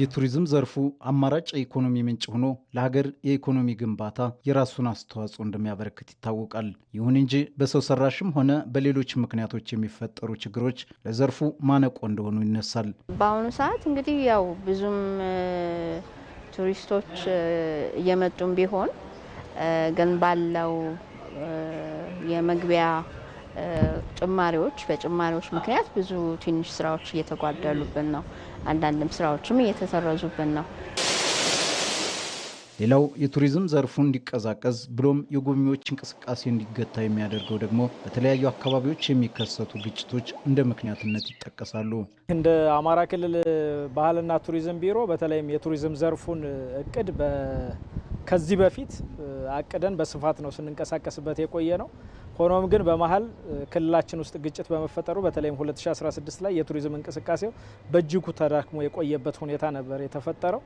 የቱሪዝም ዘርፉ አማራጭ የኢኮኖሚ ምንጭ ሆኖ ለሀገር የኢኮኖሚ ግንባታ የራሱን አስተዋጽኦ እንደሚያበረክት ይታወቃል። ይሁን እንጂ በሰው ሰራሽም ሆነ በሌሎች ምክንያቶች የሚፈጠሩ ችግሮች ለዘርፉ ማነቆ እንደሆኑ ይነሳል። በአሁኑ ሰዓት እንግዲህ ያው ብዙም ቱሪስቶች እየመጡም ቢሆን ግን ባለው የመግቢያ ጭማሪዎች በጭማሪዎች ምክንያት ብዙ ትንሽ ስራዎች እየተጓደሉብን ነው። አንዳንድም ስራዎችም እየተሰረዙብን ነው። ሌላው የቱሪዝም ዘርፉ እንዲቀዛቀዝ ብሎም የጎብኚዎች እንቅስቃሴ እንዲገታ የሚያደርገው ደግሞ በተለያዩ አካባቢዎች የሚከሰቱ ግጭቶች እንደ ምክንያትነት ይጠቀሳሉ። እንደ አማራ ክልል ባህልና ቱሪዝም ቢሮ በተለይም የቱሪዝም ዘርፉን እቅድ ከዚህ በፊት አቅደን በስፋት ነው ስንንቀሳቀስበት የቆየ ነው። ሆኖም ግን በመሀል ክልላችን ውስጥ ግጭት በመፈጠሩ በተለይም 2016 ላይ የቱሪዝም እንቅስቃሴው በእጅጉ ተዳክሞ የቆየበት ሁኔታ ነበር የተፈጠረው።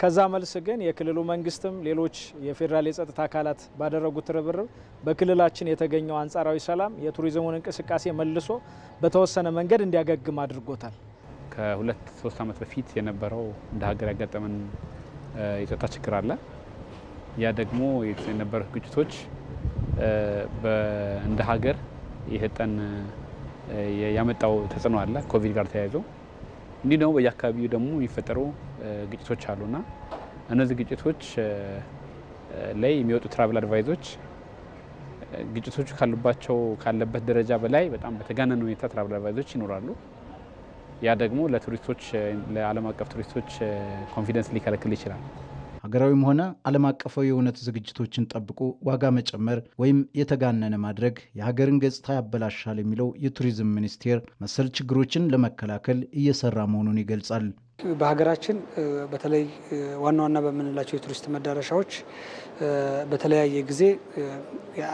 ከዛ መልስ ግን የክልሉ መንግስትም ሌሎች የፌዴራል የጸጥታ አካላት ባደረጉት ርብርብ በክልላችን የተገኘው አንጻራዊ ሰላም የቱሪዝሙን እንቅስቃሴ መልሶ በተወሰነ መንገድ እንዲያገግም አድርጎታል። ከሁለት ሶስት ዓመት በፊት የነበረው እንደ ሀገር ያጋጠመን የጸጥታ ችግር አለ። ያ ደግሞ የነበሩት ግጭቶች እንደ ሀገር የሰጠን ያመጣው ተጽዕኖ አለ ኮቪድ ጋር ተያይዞ እንዲህ ደግሞ በየአካባቢው ደግሞ የሚፈጠሩ ግጭቶች አሉና እነዚህ ግጭቶች ላይ የሚወጡ ትራቭል አድቫይዞች ግጭቶቹ ካሉባቸው ካለበት ደረጃ በላይ በጣም በተጋነነ ሁኔታ ትራቭል አድቫይዞች ይኖራሉ። ያ ደግሞ ለቱሪስቶች ለዓለም አቀፍ ቱሪስቶች ኮንፊደንስ ሊከለክል ይችላል። ሀገራዊም ሆነ ዓለም አቀፋዊ የእውነት ዝግጅቶችን ጠብቆ ዋጋ መጨመር ወይም የተጋነነ ማድረግ የሀገርን ገጽታ ያበላሻል የሚለው የቱሪዝም ሚኒስቴር መሰል ችግሮችን ለመከላከል እየሰራ መሆኑን ይገልጻል። በሀገራችን በተለይ ዋና ዋና በምንላቸው የቱሪስት መዳረሻዎች በተለያየ ጊዜ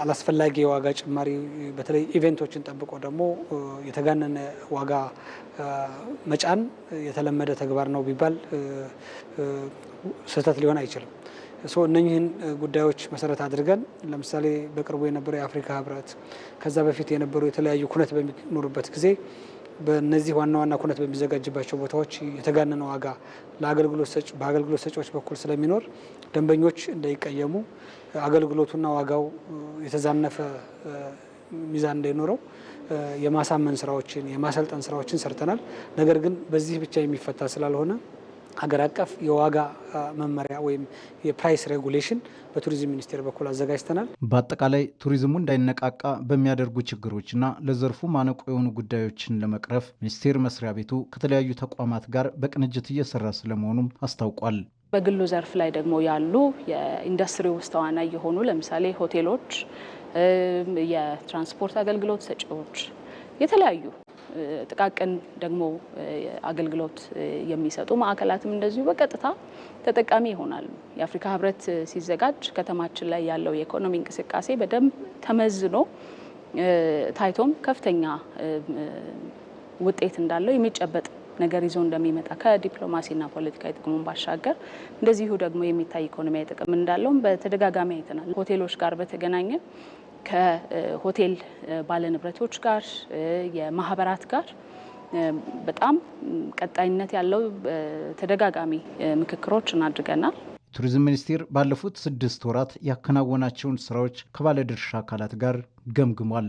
አላስፈላጊ የዋጋ ጭማሪ በተለይ ኢቨንቶችን ጠብቆ ደግሞ የተጋነነ ዋጋ መጫን የተለመደ ተግባር ነው ቢባል ስህተት ሊሆን አይችልም። እነኚህን ጉዳዮች መሰረት አድርገን ለምሳሌ በቅርቡ የነበረው የአፍሪካ ህብረት ከዛ በፊት የነበሩ የተለያዩ ኩነት በሚኖሩበት ጊዜ በእነዚህ ዋና ዋና ኩነት በሚዘጋጅባቸው ቦታዎች የተጋነነ ዋጋ በአገልግሎት ሰጪዎች በኩል ስለሚኖር ደንበኞች እንዳይቀየሙ አገልግሎቱና ዋጋው የተዛነፈ ሚዛን እንዳይኖረው የማሳመን ስራዎችን የማሰልጠን ስራዎችን ሰርተናል። ነገር ግን በዚህ ብቻ የሚፈታ ስላልሆነ ሀገር አቀፍ የዋጋ መመሪያ ወይም የፕራይስ ሬጉሌሽን በቱሪዝም ሚኒስቴር በኩል አዘጋጅተናል። በአጠቃላይ ቱሪዝሙ እንዳይነቃቃ በሚያደርጉ ችግሮችና ለዘርፉ ማነቆ የሆኑ ጉዳዮችን ለመቅረፍ ሚኒስቴር መስሪያ ቤቱ ከተለያዩ ተቋማት ጋር በቅንጅት እየሰራ ስለመሆኑም አስታውቋል። በግሉ ዘርፍ ላይ ደግሞ ያሉ የኢንዱስትሪ ውስጥ ተዋናይ የሆኑ ለምሳሌ ሆቴሎች፣ የትራንስፖርት አገልግሎት ሰጪዎች የተለያዩ ጥቃቅን ደግሞ አገልግሎት የሚሰጡ ማዕከላትም እንደዚሁ በቀጥታ ተጠቃሚ ይሆናሉ። የአፍሪካ ህብረት ሲዘጋጅ ከተማችን ላይ ያለው የኢኮኖሚ እንቅስቃሴ በደንብ ተመዝኖ ታይቶም ከፍተኛ ውጤት እንዳለው የሚጨበጥ ነገር ይዞ እንደሚመጣ ከዲፕሎማሲና ፖለቲካዊ ጥቅሙን ባሻገር እንደዚሁ ደግሞ የሚታይ ኢኮኖሚያዊ ጥቅም እንዳለውም በተደጋጋሚ አይተናል። ሆቴሎች ጋር በተገናኘ ከሆቴል ባለንብረቶች ጋር የማህበራት ጋር በጣም ቀጣይነት ያለው ተደጋጋሚ ምክክሮች እናድርገናል። ቱሪዝም ሚኒስቴር ባለፉት ስድስት ወራት ያከናወናቸውን ስራዎች ከባለድርሻ አካላት ጋር ገምግሟል።